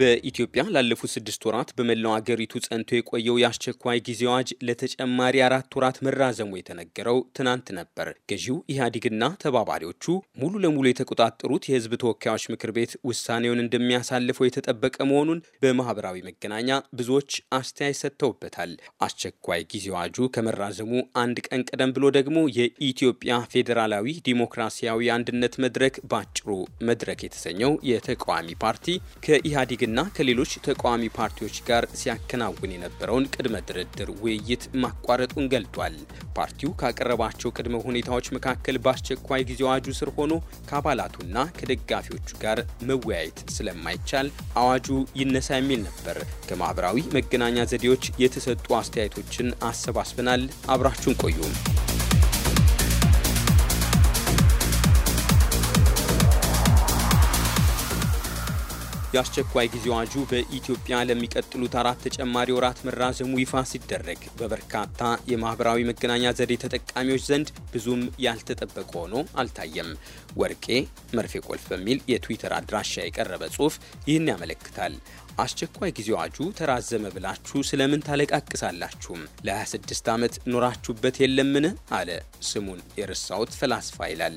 በኢትዮጵያ ላለፉት ስድስት ወራት በመላው አገሪቱ ጸንቶ የቆየው የአስቸኳይ ጊዜ አዋጅ ለተጨማሪ አራት ወራት መራዘሙ የተነገረው ትናንት ነበር። ገዢው ኢህአዴግና ተባባሪዎቹ ሙሉ ለሙሉ የተቆጣጠሩት የህዝብ ተወካዮች ምክር ቤት ውሳኔውን እንደሚያሳልፈው የተጠበቀ መሆኑን በማህበራዊ መገናኛ ብዙዎች አስተያየት ሰጥተውበታል። አስቸኳይ ጊዜ አዋጁ ከመራዘሙ አንድ ቀን ቀደም ብሎ ደግሞ የኢትዮጵያ ፌዴራላዊ ዲሞክራሲያዊ አንድነት መድረክ ባጭሩ መድረክ የተሰኘው የተቃዋሚ ፓርቲ ከኢህአዴግ እና ከሌሎች ተቃዋሚ ፓርቲዎች ጋር ሲያከናውን የነበረውን ቅድመ ድርድር ውይይት ማቋረጡን ገልጧል። ፓርቲው ካቀረባቸው ቅድመ ሁኔታዎች መካከል በአስቸኳይ ጊዜ አዋጁ ስር ሆኖ ከአባላቱና ከደጋፊዎቹ ጋር መወያየት ስለማይቻል አዋጁ ይነሳ የሚል ነበር። ከማህበራዊ መገናኛ ዘዴዎች የተሰጡ አስተያየቶችን አሰባስበናል። አብራችሁን ቆዩም የአስቸኳይ ጊዜ አዋጁ በኢትዮጵያ ለሚቀጥሉት አራት ተጨማሪ ወራት መራዘሙ ይፋ ሲደረግ በበርካታ የማህበራዊ መገናኛ ዘዴ ተጠቃሚዎች ዘንድ ብዙም ያልተጠበቀ ሆኖ አልታየም። ወርቄ መርፌ ቆልፍ በሚል የትዊተር አድራሻ የቀረበ ጽሑፍ ይህን ያመለክታል። አስቸኳይ ጊዜ አዋጁ ተራዘመ ብላችሁ ስለምን ታለቃቅሳላችሁም? ለ26 ዓመት ኖራችሁበት የለምን? አለ ስሙን የረሳሁት ፈላስፋ ይላል።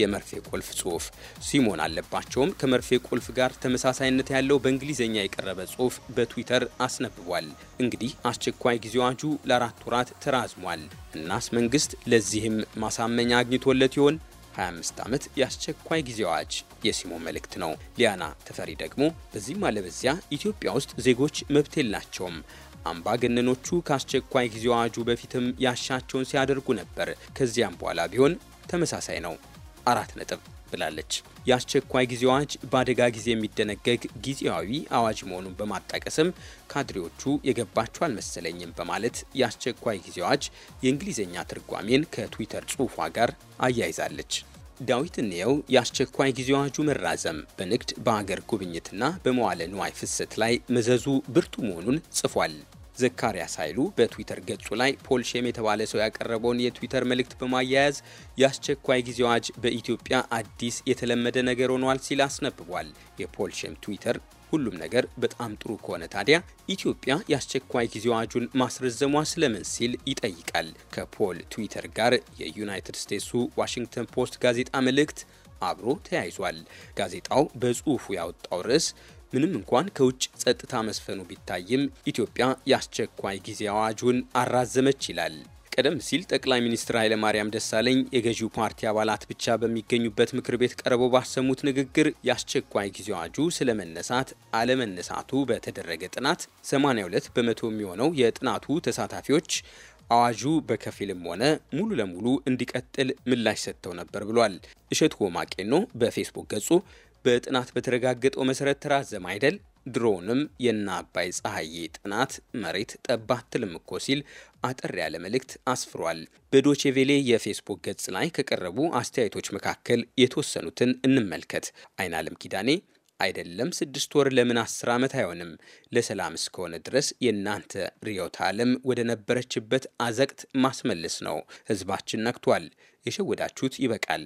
የመርፌ ቁልፍ ጽሁፍ ሲሞን አለባቸውም ከመርፌ ቁልፍ ጋር ተመሳሳይነት ያለው በእንግሊዝኛ የቀረበ ጽሁፍ በትዊተር አስነብቧል። እንግዲህ አስቸኳይ ጊዜ አዋጁ ለአራት ወራት ተራዝሟል። እናስ መንግስት ለዚህም ማሳመኛ አግኝቶለት ይሆን? 25 ዓመት የአስቸኳይ ጊዜ አዋጅ የሲሞ መልእክት ነው። ሊያና ተፈሪ ደግሞ በዚህም አለበዚያ ኢትዮጵያ ውስጥ ዜጎች መብት የላቸውም። አምባገነኖቹ ከአስቸኳይ ጊዜ አዋጁ በፊትም ያሻቸውን ሲያደርጉ ነበር። ከዚያም በኋላ ቢሆን ተመሳሳይ ነው። አራት ነጥብ ብላለች። የአስቸኳይ ጊዜ አዋጅ በአደጋ ጊዜ የሚደነገግ ጊዜያዊ አዋጅ መሆኑን በማጣቀስም ካድሬዎቹ የገባቸው አልመሰለኝም በማለት የአስቸኳይ ጊዜ አዋጅ የእንግሊዝኛ ትርጓሜን ከትዊተር ጽሑፏ ጋር አያይዛለች። ዳዊት እንየው የአስቸኳይ ጊዜ አዋጁ መራዘም በንግድ በአገር ጉብኝትና በመዋለ ንዋይ ፍሰት ላይ መዘዙ ብርቱ መሆኑን ጽፏል። ዘካርያስ ኃይሉ በትዊተር ገጹ ላይ ፖልሼም የተባለ ሰው ያቀረበውን የትዊተር መልእክት በማያያዝ የአስቸኳይ ጊዜ አዋጅ በኢትዮጵያ አዲስ የተለመደ ነገር ሆኗል ሲል አስነብቧል። የፖልሼም ትዊተር ሁሉም ነገር በጣም ጥሩ ከሆነ ታዲያ ኢትዮጵያ የአስቸኳይ ጊዜ አዋጁን ማስረዘሟ ስለምን ሲል ይጠይቃል። ከፖል ትዊተር ጋር የዩናይትድ ስቴትሱ ዋሽንግተን ፖስት ጋዜጣ መልእክት አብሮ ተያይዟል። ጋዜጣው በጽሑፉ ያወጣው ርዕስ ምንም እንኳን ከውጭ ጸጥታ መስፈኑ ቢታይም ኢትዮጵያ የአስቸኳይ ጊዜ አዋጁን አራዘመች ይላል። ቀደም ሲል ጠቅላይ ሚኒስትር ኃይለማርያም ደሳለኝ የገዢው ፓርቲ አባላት ብቻ በሚገኙበት ምክር ቤት ቀርበው ባሰሙት ንግግር የአስቸኳይ ጊዜ አዋጁ ስለመነሳት አለመነሳቱ በተደረገ ጥናት 82 በመቶ የሚሆነው የጥናቱ ተሳታፊዎች አዋጁ በከፊልም ሆነ ሙሉ ለሙሉ እንዲቀጥል ምላሽ ሰጥተው ነበር ብሏል። እሸት ሆማቄኖ በፌስቡክ ገጹ በጥናት በተረጋገጠው መሰረት ተራዘም አይደል? ድሮንም የእነ አባይ ፀሐዬ ጥናት መሬት ጠባት ትልም እኮ ሲል አጠር ያለ መልእክት አስፍሯል። በዶቼቬሌ የፌስቡክ ገጽ ላይ ከቀረቡ አስተያየቶች መካከል የተወሰኑትን እንመልከት። አለም ኪዳኔ አይደለም ስድስት ወር ለምን አስር ዓመት አይሆንም? ለሰላም እስከሆነ ድረስ የእናንተ ርዕዮተ ዓለም ወደ ነበረችበት አዘቅት ማስመለስ ነው። ህዝባችን ነክቷል። የሸወዳችሁት ይበቃል።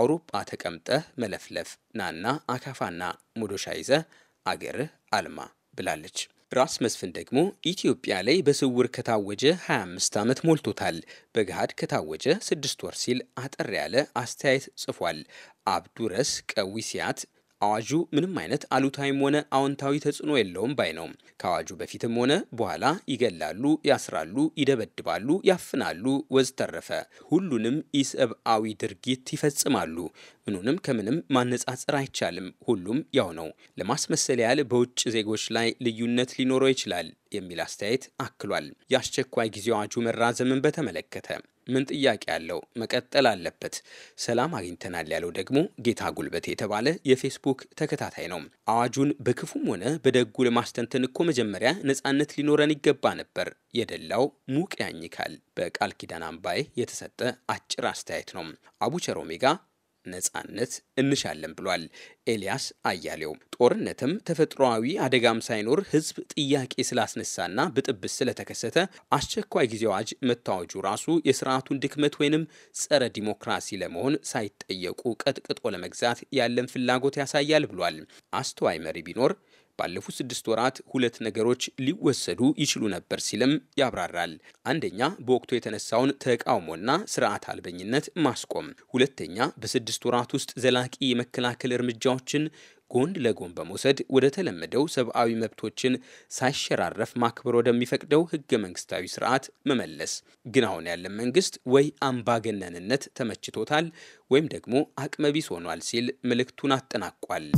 አውሮፓ ተቀምጠህ መለፍለፍ ናና አካፋና ሙዶሻ ይዘ አገርህ አልማ ብላለች። ራስ መስፍን ደግሞ ኢትዮጵያ ላይ በስውር ከታወጀ 25 ዓመት ሞልቶታል፣ በገሃድ ከታወጀ 6 ወር ሲል አጠር ያለ አስተያየት ጽፏል። አብዱረስ ቀዊሲያት አዋጁ ምንም አይነት አሉታዊም ሆነ አዎንታዊ ተጽዕኖ የለውም ባይ ነው። ከአዋጁ በፊትም ሆነ በኋላ ይገላሉ፣ ያስራሉ፣ ይደበድባሉ፣ ያፍናሉ፣ ወዘተረፈ ሁሉንም ኢሰብአዊ ድርጊት ይፈጽማሉ። ምኑንም ከምንም ማነጻጸር አይቻልም። ሁሉም ያው ነው። ለማስመሰል ያህል በውጭ ዜጎች ላይ ልዩነት ሊኖረው ይችላል የሚል አስተያየት አክሏል። የአስቸኳይ ጊዜ አዋጁ መራዘምን በተመለከተ ምን ጥያቄ አለው? መቀጠል አለበት። ሰላም አግኝተናል ያለው ደግሞ ጌታ ጉልበት የተባለ የፌስቡክ ተከታታይ ነው። አዋጁን በክፉም ሆነ በደጉ ለማስተንተን እኮ መጀመሪያ ነጻነት ሊኖረን ይገባ ነበር። የደላው ሙቅ ያኝካል በቃል ኪዳን አምባዬ የተሰጠ አጭር አስተያየት ነው። አቡቸር ኦሜጋ ነጻነት እንሻለን ብሏል። ኤልያስ አያሌው ጦርነትም ተፈጥሯዊ አደጋም ሳይኖር ህዝብ ጥያቄ ስላስነሳና ብጥብስ ስለተከሰተ አስቸኳይ ጊዜ አዋጅ መታወጁ ራሱ የስርዓቱን ድክመት ወይንም ጸረ ዲሞክራሲ ለመሆን ሳይጠየቁ ቀጥቅጦ ለመግዛት ያለን ፍላጎት ያሳያል ብሏል። አስተዋይ መሪ ቢኖር ባለፉት ስድስት ወራት ሁለት ነገሮች ሊወሰዱ ይችሉ ነበር ሲልም ያብራራል። አንደኛ በወቅቱ የተነሳውን ተቃውሞና ስርዓት አልበኝነት ማስቆም፣ ሁለተኛ በስድስት ወራት ውስጥ ዘላቂ የመከላከል እርምጃዎችን ጎን ለጎን በመውሰድ ወደ ተለመደው ሰብአዊ መብቶችን ሳይሸራረፍ ማክበር ወደሚፈቅደው ህገ መንግስታዊ ስርዓት መመለስ። ግን አሁን ያለን መንግስት ወይ አምባገነንነት ተመችቶታል ወይም ደግሞ አቅመቢስ ሆኗል ሲል መልእክቱን አጠናቋል።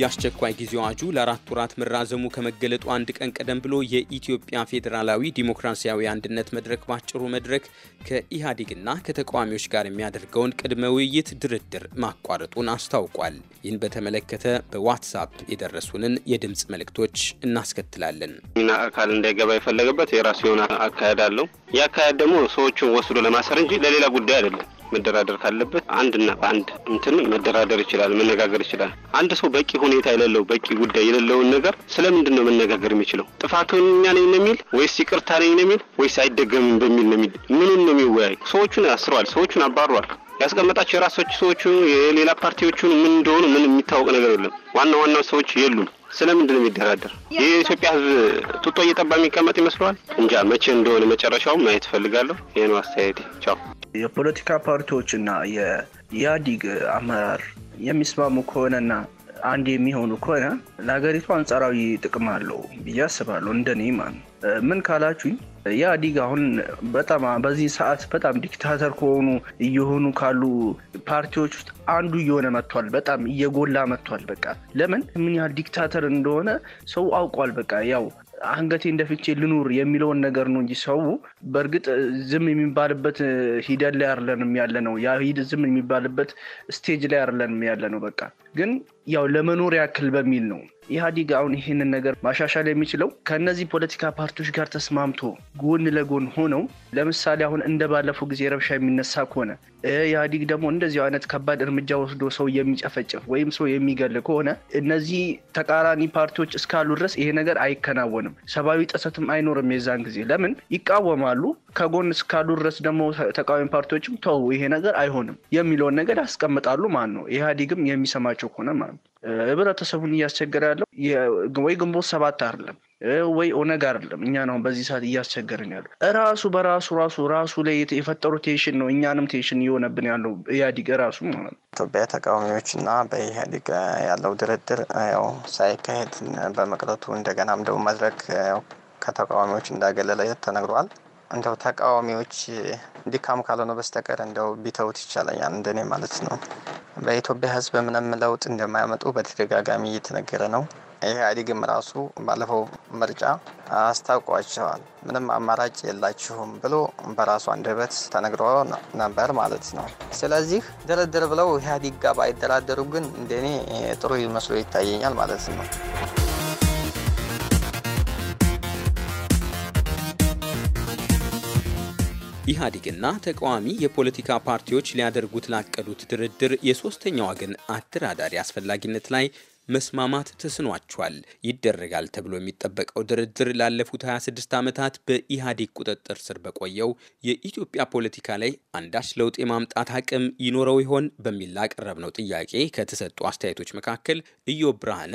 የአስቸኳይ ጊዜ አዋጁ ለአራት ወራት መራዘሙ ከመገለጡ አንድ ቀን ቀደም ብሎ የኢትዮጵያ ፌዴራላዊ ዲሞክራሲያዊ አንድነት መድረክ ባጭሩ መድረክ ከኢህአዴግና ከተቃዋሚዎች ጋር የሚያደርገውን ቅድመ ውይይት ድርድር ማቋረጡን አስታውቋል። ይህን በተመለከተ በዋትሳፕ የደረሱንን የድምፅ መልእክቶች እናስከትላለን። ሚና አካል እንዳይገባ የፈለገበት የራሱ የሆነ አካሄድ አለው። አካሄድ ደግሞ ሰዎቹን ወስዶ ለማሰር እንጂ ለሌላ ጉዳይ አይደለም። መደራደር ካለበት አንድና በአንድ እንትን መደራደር ይችላል፣ መነጋገር ይችላል። አንድ ሰው በቂ ሁኔታ የሌለው በቂ ጉዳይ የሌለውን ነገር ስለምንድን ነው መነጋገር የሚችለው? ጥፋተኛ ነኝ የሚል ወይስ ይቅርታ ነኝ የሚል ወይስ አይደገምም በሚል ነው የሚል ምኑን ነው የሚወያዩ? ሰዎቹን አስረዋል፣ ሰዎቹን አባሯል። ያስቀመጣቸው የራሶች ሰዎቹ የሌላ ፓርቲዎቹን ምን እንደሆኑ ምን የሚታወቅ ነገር የለም። ዋና ዋና ሰዎች የሉም። ስለምንድን ነው የሚደራደር? የኢትዮጵያ ሕዝብ ጡጦ እየጠባ የሚቀመጥ ይመስለዋል? እንጃ መቼ እንደሆነ መጨረሻው ማየት ፈልጋለሁ። ይህ ነው አስተያየቴ። ቻው። የፖለቲካ ፓርቲዎችና የኢህአዲግ አመራር የሚስማሙ ከሆነና አንድ የሚሆኑ ከሆነ ለሀገሪቱ አንጻራዊ ጥቅም አለው ብዬ አስባለሁ። እንደኔ ማን ምን ካላችሁኝ ኢህአዲግ አሁን በጣም በዚህ ሰዓት በጣም ዲክታተር ከሆኑ እየሆኑ ካሉ ፓርቲዎች ውስጥ አንዱ እየሆነ መጥቷል። በጣም እየጎላ መጥቷል። በቃ ለምን ምን ያህል ዲክታተር እንደሆነ ሰው አውቋል። በቃ ያው አንገቴ እንደፍቼ ልኑር የሚለውን ነገር ነው እንጂ ሰው በእርግጥ ዝም የሚባልበት ሂደት ላይ አይደለንም ያለ ነው። ያ ዝም የሚባልበት ስቴጅ ላይ አይደለንም ያለ ነው። በቃ ግን ያው ለመኖር ያክል በሚል ነው ኢህአዲግ አሁን ይህንን ነገር ማሻሻል የሚችለው ከእነዚህ ፖለቲካ ፓርቲዎች ጋር ተስማምቶ ጎን ለጎን ሆነው ለምሳሌ አሁን እንደ ባለፈው ጊዜ ረብሻ የሚነሳ ከሆነ ኢህአዲግ ደግሞ እንደዚህ አይነት ከባድ እርምጃ ወስዶ ሰው የሚጨፈጭፍ ወይም ሰው የሚገል ከሆነ እነዚህ ተቃራኒ ፓርቲዎች እስካሉ ድረስ ይሄ ነገር አይከናወንም። ሰብአዊ ጥሰትም አይኖርም። የዛን ጊዜ ለምን ይቃወማሉ? ከጎን እስካሉ ድረስ ደግሞ ተቃዋሚ ፓርቲዎችም ተው ይሄ ነገር አይሆንም የሚለውን ነገር ያስቀምጣሉ ማለት ነው። ኢህአዲግም የሚሰማቸው ከሆነ ማለት ነው። ህብረተሰቡን እያስቸገረ ያለው ወይ ግንቦት ሰባት አይደለም ወይ ኦነግ አይደለም። እኛ ነው በዚህ ሰዓት እያስቸገርን ያለው ራሱ በራሱ ራሱ ራሱ ላይ የፈጠሩ ቴንሽን ነው። እኛንም ቴንሽን እየሆነብን ያለው ኢህአዲግ ራሱ ማለት ነው። ኢትዮጵያ ተቃዋሚዎች እና በኢህአዲግ ያለው ድርድር ያው ሳይካሄድ በመቅረቱ እንደገናም ደግሞ መድረክ ከተቃዋሚዎች እንዳገለለ ተነግሯል። እንደው ተቃዋሚዎች ድካም ካልሆነ በስተቀር እንደው ቢተውት ይቻለኛል እንደኔ ማለት ነው። በኢትዮጵያ ህዝብ ምንም ለውጥ እንደማያመጡ በተደጋጋሚ እየተነገረ ነው። ኢህአዴግም ራሱ ባለፈው ምርጫ አስታውቋቸዋል። ምንም አማራጭ የላችሁም ብሎ በራሱ አንደበት ተነግሮ ነበር ማለት ነው። ስለዚህ ድርድር ብለው ኢህአዴግ ጋር ባይደራደሩ ግን እንደኔ ጥሩ መስሎ ይታየኛል ማለት ነው። ኢህአዴግና ተቃዋሚ የፖለቲካ ፓርቲዎች ሊያደርጉት ላቀዱት ድርድር የሶስተኛ ወገን አደራዳሪ አስፈላጊነት ላይ መስማማት ተስኗቸዋል። ይደረጋል ተብሎ የሚጠበቀው ድርድር ላለፉት 26 ዓመታት በኢህአዴግ ቁጥጥር ስር በቆየው የኢትዮጵያ ፖለቲካ ላይ አንዳች ለውጥ የማምጣት አቅም ይኖረው ይሆን በሚል ላቀረብነው ጥያቄ ከተሰጡ አስተያየቶች መካከል እዮ ብርሃነ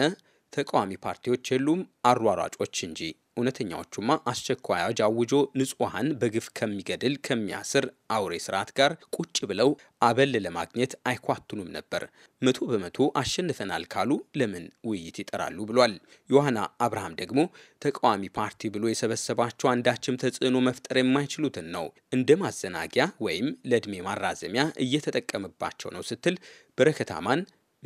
ተቃዋሚ ፓርቲዎች የሉም አሯሯጮች እንጂ። እውነተኛዎቹማ አስቸኳይ አዋጅ አውጆ ንጹሐን በግፍ ከሚገድል ከሚያስር አውሬ ስርዓት ጋር ቁጭ ብለው አበል ለማግኘት አይኳትኑም ነበር። መቶ በመቶ አሸንፈናል ካሉ ለምን ውይይት ይጠራሉ ብሏል። ዮሐና አብርሃም ደግሞ ተቃዋሚ ፓርቲ ብሎ የሰበሰባቸው አንዳችም ተጽዕኖ መፍጠር የማይችሉትን ነው እንደ ማዘናጊያ ወይም ለዕድሜ ማራዘሚያ እየተጠቀመባቸው ነው ስትል በረከታማን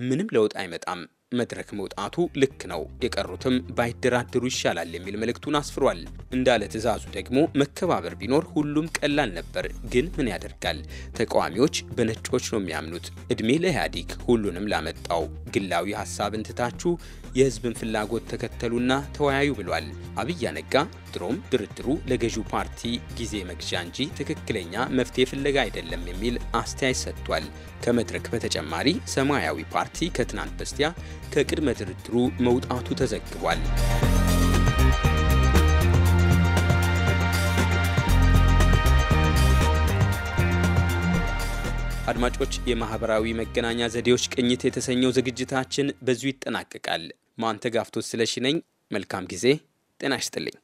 ምንም ለውጥ አይመጣም መድረክ መውጣቱ ልክ ነው፣ የቀሩትም ባይደራደሩ ይሻላል የሚል መልእክቱን አስፍሯል። እንዳለ ትዕዛዙ ደግሞ መከባበር ቢኖር ሁሉም ቀላል ነበር፣ ግን ምን ያደርጋል ተቃዋሚዎች በነጮች ነው የሚያምኑት። እድሜ ለኢህአዴግ ሁሉንም ላመጣው ግላዊ ሀሳብን እንትታችሁ የህዝብን ፍላጎት ተከተሉና ተወያዩ ብሏል። አብይ አነጋ ወትሮም ድርድሩ ለገዢው ፓርቲ ጊዜ መግዣ እንጂ ትክክለኛ መፍትሄ ፍለጋ አይደለም የሚል አስተያየት ሰጥቷል። ከመድረክ በተጨማሪ ሰማያዊ ፓርቲ ከትናንት በስቲያ ከቅድመ ድርድሩ መውጣቱ ተዘግቧል። አድማጮች፣ የማህበራዊ መገናኛ ዘዴዎች ቅኝት የተሰኘው ዝግጅታችን በዚሁ ይጠናቀቃል። ማንተጋፍቶት ስለሺ ነኝ። መልካም ጊዜ። ጤና ይስጥልኝ።